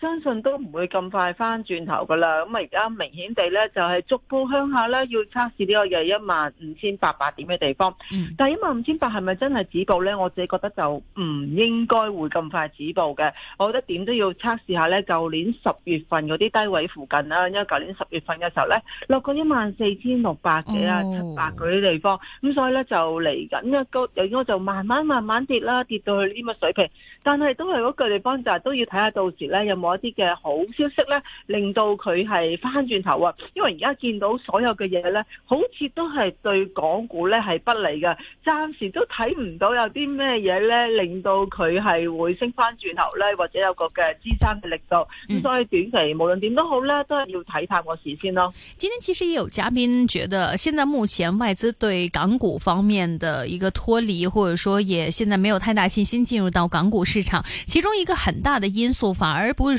相信都唔會咁快返轉頭㗎喇，咁啊而家明顯地咧就係逐步向下咧，要測試呢個又一萬五千八百點嘅地方。嗯、但一萬五千八係咪真係止步咧？我自己覺得就唔應該會咁快止步嘅。我覺得點都要測試下咧，舊年十月份嗰啲低位附近啦，因為舊年十月份嘅時候咧落過一萬四千六百幾啊七百嗰啲地方，咁所以咧就嚟緊一個，應該就慢慢慢慢跌啦，跌到去呢個水平。但係都係嗰個地方就係都要睇下到時咧有冇。啲嘅好消息呢，令到佢係翻轉頭啊！因為而家見到所有嘅嘢呢，好似都係對港股呢係不利嘅，暫時都睇唔到有啲咩嘢呢，令到佢係會升翻轉頭呢，或者有個嘅支撐嘅力度。咁所以短期無論點都好咧，都係要睇怕個市先咯。今天其實也有嘉賓覺得，現在目前外資對港股方面的一個脱離，或者說也現在沒有太大信心進入到港股市場，其中一個很大的因素反而不是。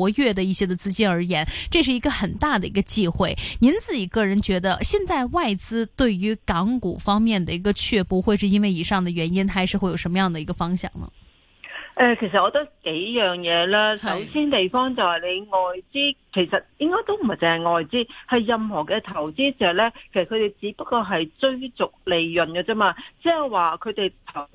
活躍的一些的資金而言，這是一個很大的一個機會。您自己個人覺得，現在外資對於港股方面的一個，卻不會是因為以上的原因，它還是會有什麼樣的一個方向呢？誒、呃，其實我覺得幾樣嘢啦，首先地方就係你外資的，其實應該都唔係淨係外資，係任何嘅投資者咧，其實佢哋只不過係追逐利潤嘅啫嘛，即係話佢哋投。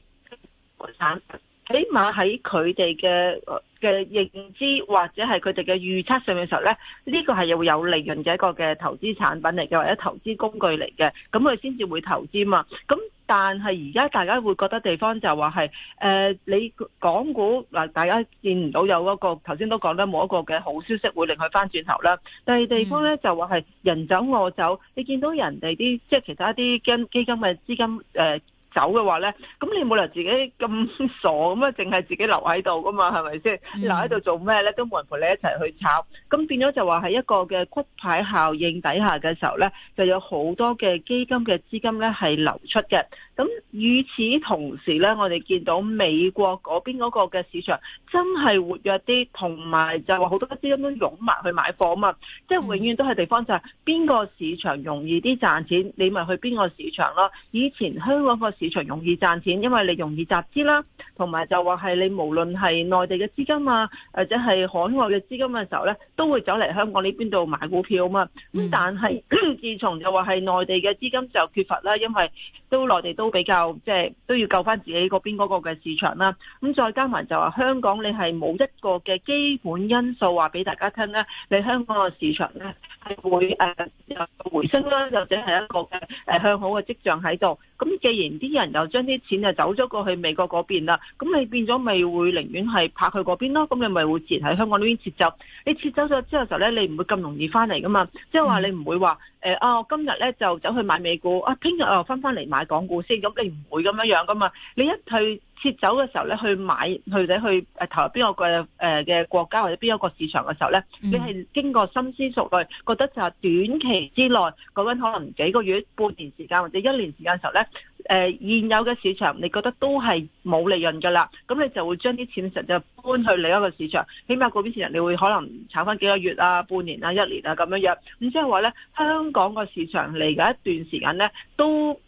起碼喺佢哋嘅嘅認知或者係佢哋嘅預測上嘅時候咧，呢、這個係又會有利潤嘅一個嘅投資產品嚟，嘅，或者投資工具嚟嘅，咁佢先至會投資嘛。咁但係而家大家會覺得地方就話、是、係，誒、呃，你港股嗱，大家見唔到有一個，頭先都講得冇一個嘅好消息會令佢翻轉頭啦。第二地方咧就話係人走我走，嗯、你見到人哋啲即係其他啲驚基金嘅資金誒。呃走嘅話咧，咁你冇理由自己咁傻，咁啊淨係自己留喺度噶嘛，係咪先？留喺度做咩咧？都冇人陪你一齊去炒，咁變咗就話喺一個嘅骨牌效應底下嘅時候咧，就有好多嘅基金嘅資金咧係流出嘅。咁與此同時咧，我哋見到美國嗰邊嗰個嘅市場真係活躍啲，同埋就話好多資金都湧埋去買貨啊嘛，即係永遠都係地方就係、是、邊個市場容易啲賺錢，你咪去邊個市場咯。以前香港個市場容易賺錢，因為你容易集資啦，同埋就話係你無論係內地嘅資金啊，或者係海外嘅資金嘅時候咧，都會走嚟香港呢邊度買股票啊嘛。咁但係、嗯、自從就話係內地嘅資金就缺乏啦，因為都內地都。都比較，即係都要救翻自己嗰邊嗰個嘅市場啦、啊，咁再加埋就話，香港你係冇一個嘅基本因素話俾大家聽咧，你香港嘅市場咧係會誒，有、啊、回升啦、啊，或者係一個誒、啊、向好嘅跡象喺度。咁既然啲人又將啲錢就走咗過去美國嗰邊啦，咁你變咗咪會寧願係泊去嗰邊咯？咁你咪會自然喺香港呢邊撤走？你撤走咗之後嘅時候咧，你唔會咁容易翻嚟噶嘛？即係話你唔會話誒啊，今日咧就走去買美股，啊，聽日我又返翻嚟買港股先。咁你唔會咁樣樣噶嘛？你一退。撤走嘅時候咧，去買，去睇，去誒投入邊個嘅誒嘅國家或者邊一個市場嘅時候咧，嗯、你係經過深思熟慮，覺得就係短期之內嗰陣可能幾個月、半年時間或者一年時間嘅時候咧，誒、呃、現有嘅市場你覺得都係冇利潤㗎啦，咁你就會將啲錢實就搬去另一個市場，起碼嗰邊市場你會可能炒翻幾個月啊、半年啊、一年啊咁樣樣，咁即係話咧，香港個市場嚟緊一段時間咧都。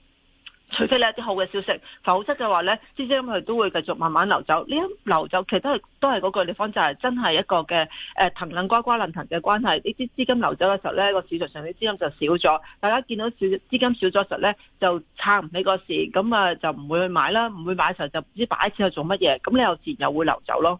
除非你有啲好嘅消息，否則嘅話咧，資金佢都會繼續慢慢流走。呢一流走其實都係都係嗰個地方，就係、是、真係一個嘅誒騰騰呱呱論騰嘅關係。呢啲資金流走嘅時候咧，個市場上啲資金就少咗，大家見到少資金少咗時候咧，就撐唔起個市，咁啊就唔會去買啦，唔會買嘅時候就唔知擺錢去做乜嘢，咁你又自然又會流走咯。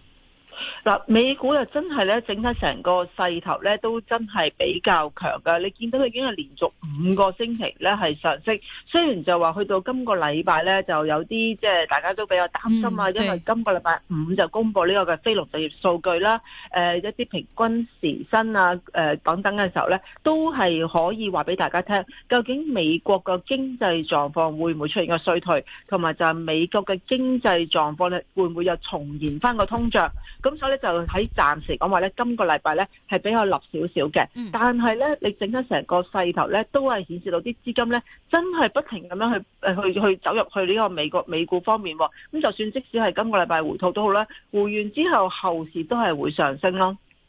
嗱，美股又真係咧整體成個勢頭咧，都真係比較強噶。你見到佢已經係連續五個星期咧係上升，雖然就話去到今個禮拜咧就有啲即係大家都比較擔心啊，嗯、因為今個禮拜五就公布呢個嘅非農就業數據啦，誒、呃、一啲平均時薪啊，誒、呃、等等嘅時候咧，都係可以話俾大家聽，究竟美國個經濟狀況會唔會出現個衰退，同埋就係美國嘅經濟狀況咧會唔會又重現翻個通脹？咁所以咧就喺暫時講話咧，今個禮拜咧係比較立少少嘅，嗯、但係咧你整得成個勢頭咧都係顯示到啲資金咧真係不停咁樣去誒去去走入去呢個美國美股方面喎、哦。咁就算即使係今個禮拜回吐都好啦，回完之後後市都係會上升咯。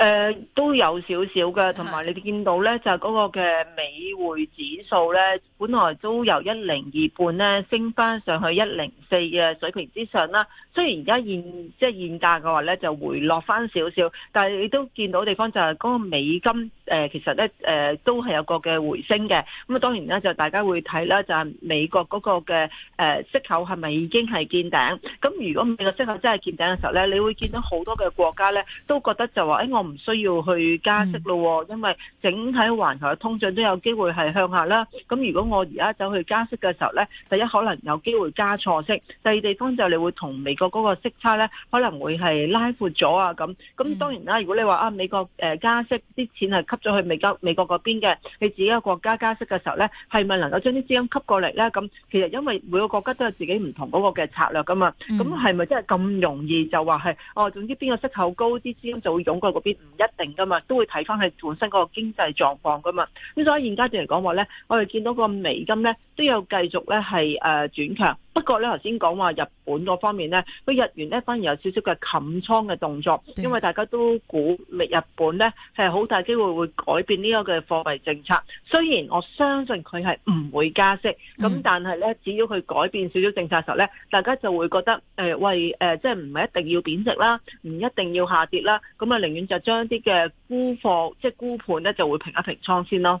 誒、呃、都有少少嘅，同埋你哋見到咧，就嗰、是、個嘅美匯指數咧，本來都由一零二半咧升翻上去一零四嘅水平之上啦。雖然而家現，現即係現價嘅話咧，就回落翻少少，但係你都見到地方就係嗰個美金、呃、其實咧、呃、都係有個嘅回升嘅。咁啊當然啦，就大家會睇啦，就係、是、美國嗰個嘅誒、呃、息口係咪已經係見頂？咁如果美國息口真係見頂嘅時候咧，你會見到好多嘅國家咧都覺得就話、哎、我。唔需要去加息咯，因為整體環球嘅通脹都有機會係向下啦。咁如果我而家走去加息嘅時候咧，第一可能有機會加錯息，第二地方就你會同美國嗰個息差咧可能會係拉闊咗啊咁。咁當然啦，如果你話啊美國誒加息啲錢係吸咗去美國美國嗰邊嘅，你自己嘅國家加息嘅時候咧，係咪能夠將啲資金吸過嚟咧？咁其實因為每個國家都有自己唔同嗰個嘅策略㗎嘛，咁係咪真係咁容易就話係哦？總之邊個息口高啲資金就會湧過嗰邊。唔一定噶嘛，都會睇翻佢本身嗰個經濟狀況噶嘛，咁所以現階段嚟講話咧，我哋見到個美金咧都有繼續咧係誒轉強。不過咧，頭先講話日本嗰方面咧，佢日元咧反而有少少嘅冚倉嘅動作，因為大家都估計日本咧係好大機會會改變呢個嘅貨幣政策。雖然我相信佢係唔會加息，咁但係咧只要佢改變少少政策時候咧，大家就會覺得誒、呃、喂誒、呃，即係唔係一定要貶值啦，唔一定要下跌啦，咁啊寧願就將啲嘅沽貨即係沽盤咧就會平一平倉先咯。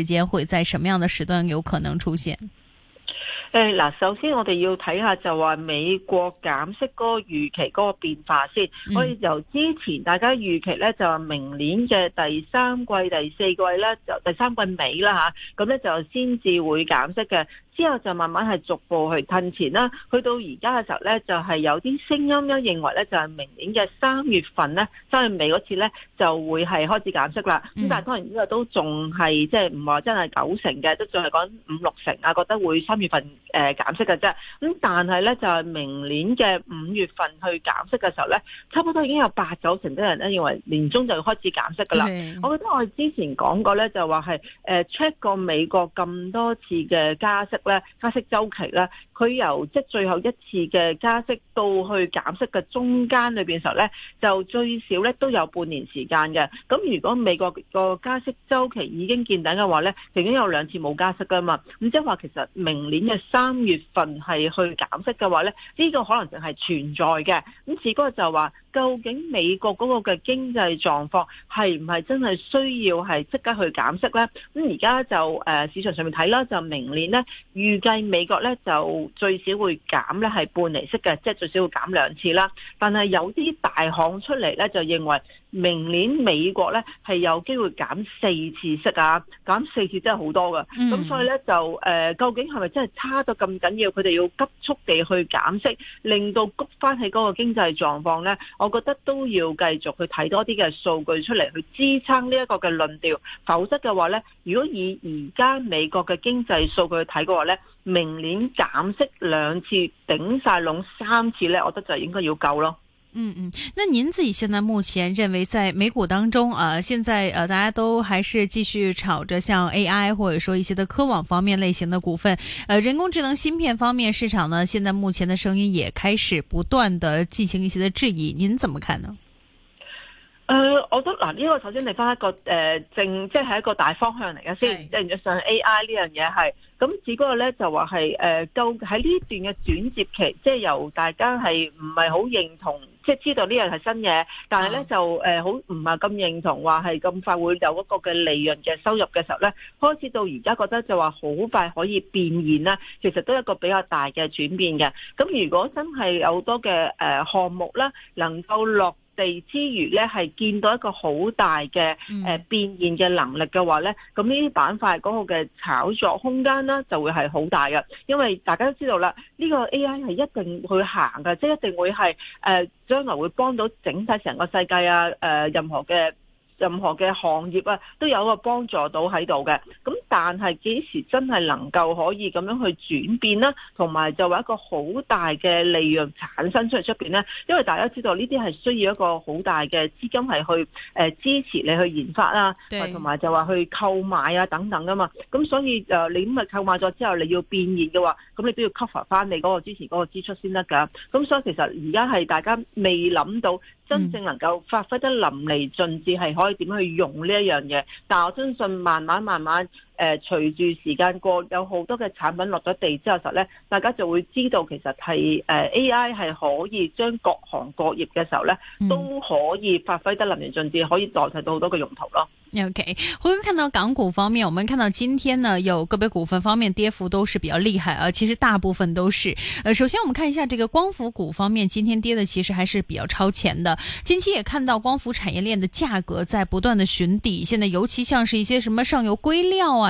時間會在什麼樣的時段有可能出現？誒，嗱，首先我哋要睇下就話美國減息嗰個預期嗰個變化先，嗯、可以由之前大家預期咧就話明年嘅第三季、第四季咧就第三季尾啦吓，咁、啊、咧就先至會減息嘅。之後就慢慢係逐步去褪前啦，去到而家嘅時候咧，就係、是、有啲聲音咧認為咧，就係明年嘅三月份咧，三月尾嗰次咧就會係開始減息啦。咁、嗯、但係當然呢個都仲係即係唔話真係九成嘅，都仲係講五六成啊，覺得會三月份誒、呃、減息嘅啫。咁但係咧就係、是、明年嘅五月份去減息嘅時候咧，差不多已經有八九成啲人咧認為年中就要開始減息㗎啦。嗯、我覺得我之前講過咧，就話係誒 check 過美國咁多次嘅加息。加息周期咧，佢由即係最後一次嘅加息到去減息嘅中間裏邊時候咧，就最少咧都有半年時間嘅。咁如果美國個加息周期已經見頂嘅話咧，已經有兩次冇加息噶嘛。咁即係話其實明年嘅三月份係去減息嘅話咧，呢、這個可能性係存在嘅。咁時哥就話，究竟美國嗰個嘅經濟狀況係唔係真係需要係即刻去減息咧？咁而家就誒、呃、市場上面睇啦，就明年咧。預計美國咧就最少會減咧係半釐息嘅，即係最少會減兩次啦。但係有啲大行出嚟咧就認為，明年美國咧係有機會減四次息啊，減四次真係好多噶。咁、嗯、所以咧就、呃、究竟係咪真係差到咁緊要？佢哋要急速地去減息，令到谷翻起嗰個經濟狀況咧，我覺得都要繼續去睇多啲嘅數據出嚟去支撐呢一個嘅論調。否則嘅話咧，如果以而家美國嘅經濟數據去睇嘅話咧，明年減息兩次，頂晒籠三次咧，我覺得就應該要夠咯。嗯嗯，那您自己現在目前認為在美股當中啊，現在呃大家都還是繼續炒着像 AI 或者說一些的科網方面類型的股份，呃人工智能芯片方面市場呢，現在目前的聲音也開始不斷的進行一些的質疑，您怎麼看呢？誒、呃，我覺得嗱，呢、這個首先嚟翻一個誒、呃、正，即係一個大方向嚟嘅先，即係是上 AI 呢樣嘢係，咁只不過咧就話係誒，究喺呢段嘅轉折期，即係由大家係唔係好認同。即係知道呢樣係新嘢，但係咧就誒好唔係咁認同話係咁快會有一個嘅利潤嘅收入嘅時候咧，開始到而家覺得就話好快可以變現啦，其實都一個比較大嘅轉變嘅。咁如果真係有多嘅誒項目啦，能夠落。地之餘咧，係見到一個好大嘅誒、呃、變現嘅能力嘅話咧，咁呢啲板塊嗰個嘅炒作空間呢就會係好大嘅，因為大家都知道啦，呢、這個 AI 係一定會行㗎，即、就、係、是、一定會係誒、呃、將來會幫到整晒成個世界啊誒、呃、任何嘅。任何嘅行業啊，都有個幫助到喺度嘅。咁但係幾時真係能夠可以咁樣去轉變啦，同埋就話一個好大嘅利潤產生出嚟出面呢？因為大家知道呢啲係需要一個好大嘅資金係去支持你去研發啦，同埋對就話去購買啊等等㗎嘛。咁所以誒，你咁啊購買咗之後，你要變現嘅話，咁你都要 cover 翻你嗰個之前嗰個支出先得㗎。咁所以其實而家係大家未諗到。真正能夠發揮得淋漓盡致係可以點去用呢一樣嘢，但我相信慢慢慢慢。誒隨住時間過，有好多嘅產品落咗地之後呢，實咧大家就會知道其實係誒、呃、AI 係可以將各行各業嘅時候呢，都可以發揮得淋漓盡致，可以代替到好多嘅用途咯。OK，好，咁看到港股方面，我們看到今天呢有個別股份方面跌幅都是比較厲害啊。其實大部分都是、呃，首先我們看一下這個光伏股方面，今天跌的其實還是比較超前的。近期也看到光伏產業鏈嘅價格在不斷的循底，現在尤其像是一些什麼上游硅料啊。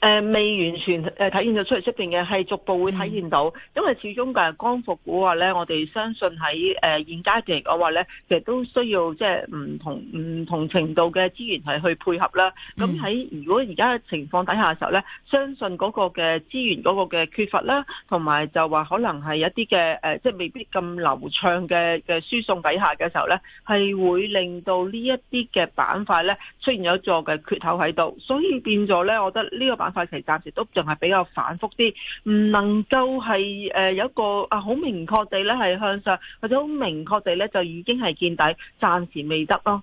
誒未完全誒體現咗出嚟出邊嘅，係逐步會體現到，因為始終嘅光伏股話咧，我哋相信喺誒現階段嚟講話咧，其實都需要即係唔同唔同程度嘅資源係去配合啦。咁喺如果而家嘅情況底下嘅時候咧，相信嗰個嘅資源嗰個嘅缺乏啦，同埋就話可能係一啲嘅誒，即係未必咁流暢嘅嘅輸送底下嘅時候咧，係會令到呢一啲嘅板塊咧出現咗一座嘅缺口喺度，所以變咗咧，我覺得呢個板塊期暫時都仲係比較反覆啲，唔能夠係誒有一個啊好明確地咧係向上，或者好明確地咧就已經係見底，暫時未得咯。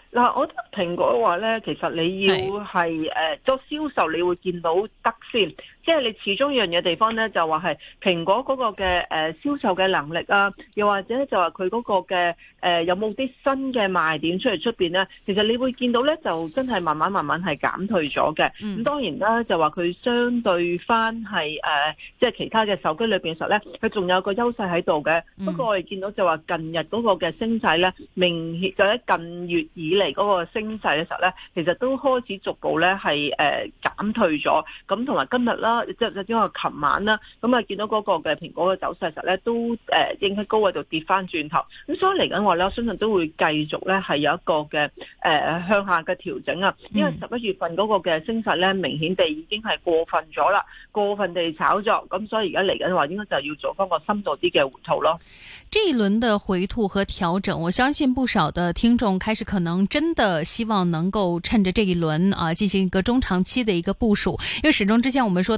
嗱，我覺得蘋果話咧，其實你要係誒是做銷售，你會見到得先。即係你始終一樣嘢地方咧，就話係蘋果嗰個嘅誒銷售嘅能力啊，又或者就話佢嗰個嘅誒、呃、有冇啲新嘅賣點出嚟出邊咧？其實你會見到咧，就真係慢慢慢慢係減退咗嘅。咁、嗯、當然啦，就話佢相對翻係誒，即係其他嘅手機裏邊嘅時候咧，佢仲有一個優勢喺度嘅。不過、嗯、我哋見到就話近日嗰個嘅升勢咧，明顯就喺近月以嚟嗰個升勢嘅時候咧，其實都開始逐步咧係誒減退咗。咁同埋今日啦。即係因為琴晚啦，咁啊見到嗰個嘅蘋果嘅走勢實咧都誒應喺高位度跌翻轉頭，咁所以嚟緊話咧，我相信都會繼續咧係有一個嘅誒、呃、向下嘅調整啊，因為十一月份嗰個嘅升勢咧明顯地已經係過分咗啦，過分地炒作，咁所以而家嚟緊話應該就要做翻個深度啲嘅回吐咯。這一輪的回吐和調整，我相信不少的聽眾開始可能真的希望能夠趁着這一輪啊進行一個中長期的一個部署，因為始終之前我們說。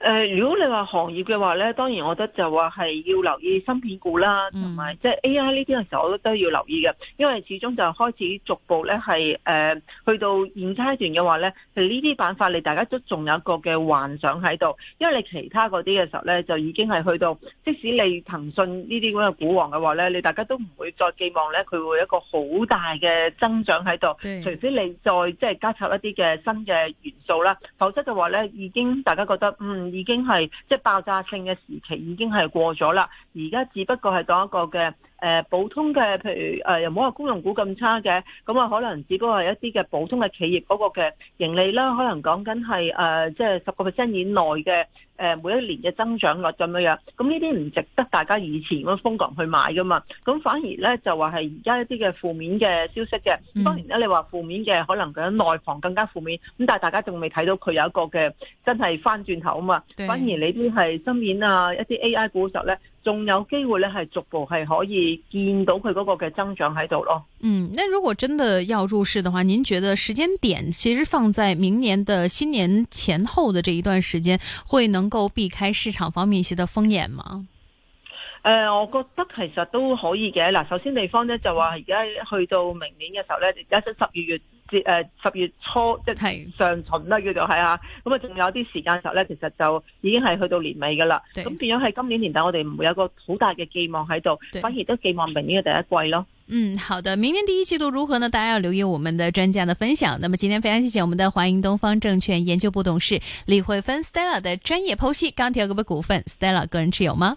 誒、呃，如果你話行業嘅話咧，當然我覺得就話係要留意芯片股啦，同埋即係 AI 呢啲嘅時候，我都都要留意嘅，因為始終就開始逐步咧係誒，去到現階段嘅話咧，係呢啲板塊你大家都仲有一個嘅幻想喺度，因為你其他嗰啲嘅時候咧，就已經係去到，即使你騰訊呢啲咁嘅股王嘅話咧，你大家都唔會再寄望咧佢會一個好大嘅增長喺度，除非、嗯、你再即係、就是、加插一啲嘅新嘅元素啦，否則就話咧已經大家覺得嗯。已經係即係爆炸性嘅時期，已經係過咗啦。而家只不過係當一個嘅。誒、呃、普通嘅，譬如誒、呃、又冇話公用股咁差嘅，咁啊可能只不過係一啲嘅普通嘅企業嗰個嘅盈利啦，可能講緊係誒即係十個 percent 以內嘅、呃、每一年嘅增長率咁樣樣，咁呢啲唔值得大家以前咁瘋狂去買噶嘛，咁反而咧就話係而家一啲嘅負面嘅消息嘅，當然咧你話負面嘅可能佢喺內房更加負面，咁但係大家仲未睇到佢有一個嘅真係翻轉頭啊嘛，對反而你啲係芯片啊一啲 AI 股嘅時候咧。仲有機會咧，係逐步係可以見到佢嗰個嘅增長喺度咯。嗯，那如果真的要入市嘅話，您覺得時間點其實放在明年的新年前後的這一段時間，會能夠避開市場方面一些的風眼嗎？誒、呃，我覺得其實都可以嘅。嗱，首先地方呢，就話，而家去到明年嘅時候呢，而家即係十二月。誒，十月初，即係上旬啦，叫做係啊，咁啊仲有啲時間時候咧，其實就已經係去到年尾噶啦，咁變咗係今年年底我哋唔會有個好大嘅寄望喺度，反而都寄望明年嘅第一季咯。嗯，好的，明年第一季度如何呢？大家要留意我們嘅專家嘅分享。那麼今天非常謝謝我們的華盈東方證券研究部董事李慧芬 Stella 的專業剖析。鋼鐵股份 Stella 個人持有嗎？